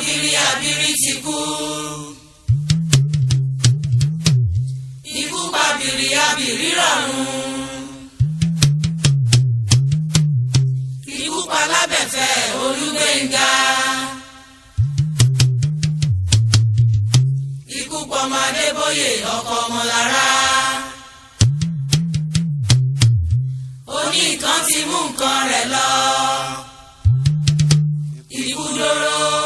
abiri abiri ti kú. ikú pa abiri abiri rọrùn. ikú pa lábẹ́fẹ́ olúgbẹ̀ngà. ikú pọmọ adébóyè ọkọ ọmọlára. ó ní nǹkan ti mú nǹkan rẹ̀ lọ. ikú dóró.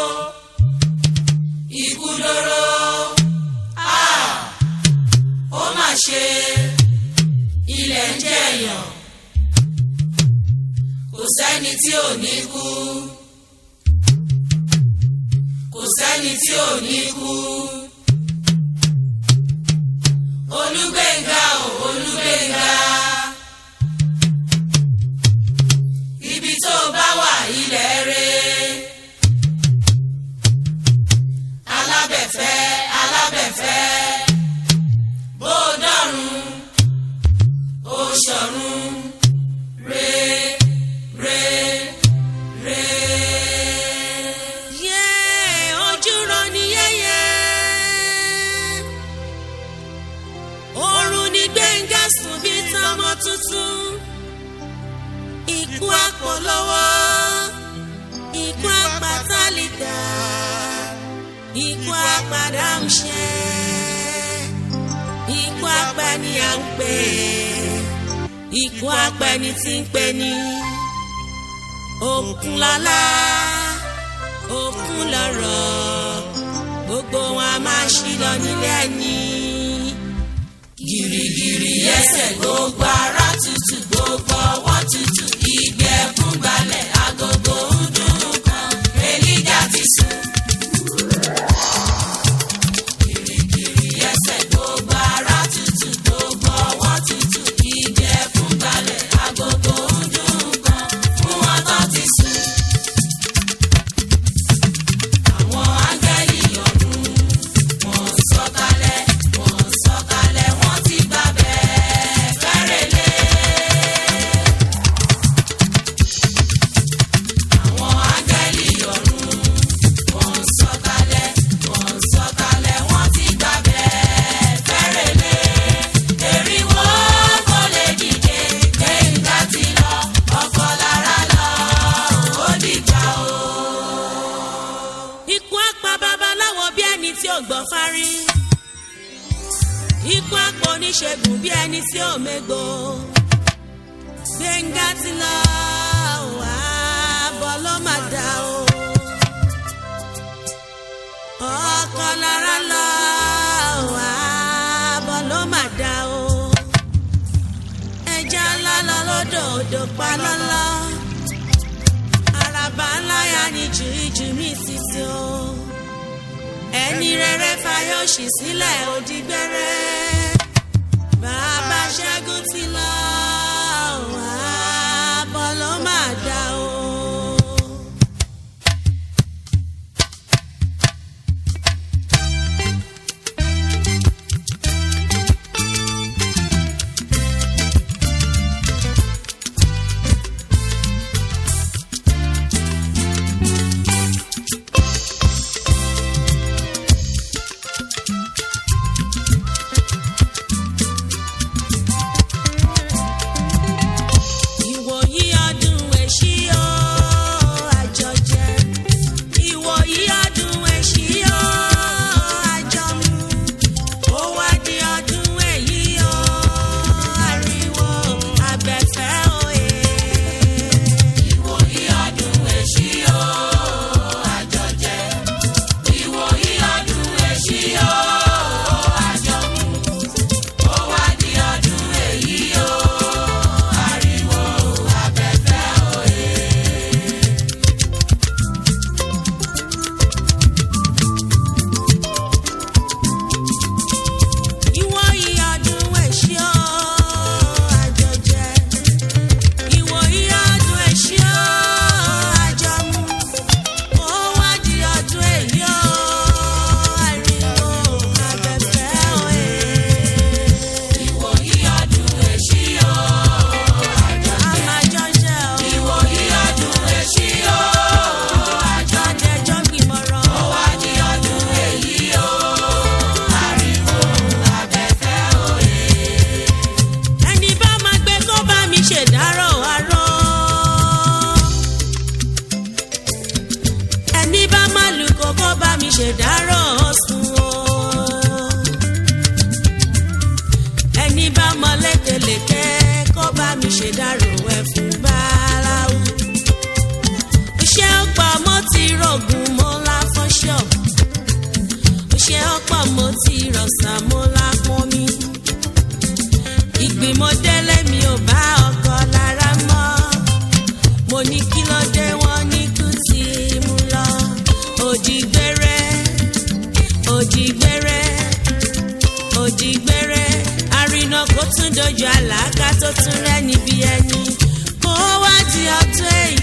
sẹ́ni tí ò ní kú. kò sẹ́ni tí ò ní kú. Olúgbénga ò Olúgbénga. pọ̀ lọ́wọ́ ikú àpáta lè dà ikú àpàdà ń ṣe ikú àpá ni à ń pè ikú àpá ni tí ń pè ní òkun lọ́lá òkun lọ́rọ̀ gbogbo wọn a máa ṣí lọ nílé ẹni girigiri ẹsẹ̀ gbogbo ara tutù gbogbo ọwọ́ tutù. ṣègùn bí ẹni tí ò mẹ́gbò gbẹ̀ngà ti lọ àbọ̀ ló má dá o ọkọ lára lọ àbọ̀ ló má dá o ẹja ńlá lọ lódò odò pa lọ́lọ́ àràbà ńlá ya ni jìrìjì mi sísè o ẹni rere fayọ̀ṣì sílẹ̀ òdìgbẹ́rẹ́. Ògúnmọ́lá fọ́ṣọ̀ ó ṣe ọ̀pọ̀ mo ti rọ̀ṣà mo la pọ́n mi ìgbìmọ̀ délé mi ò bá ọkọ̀ lára mọ́ mo ní kí ló dé wọ́n ní kú ti mú lọ òjìgbèrè òjìgbèrè tó tún rẹ́ níbi ẹni kó wá di ọtún èyí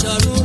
Sharon.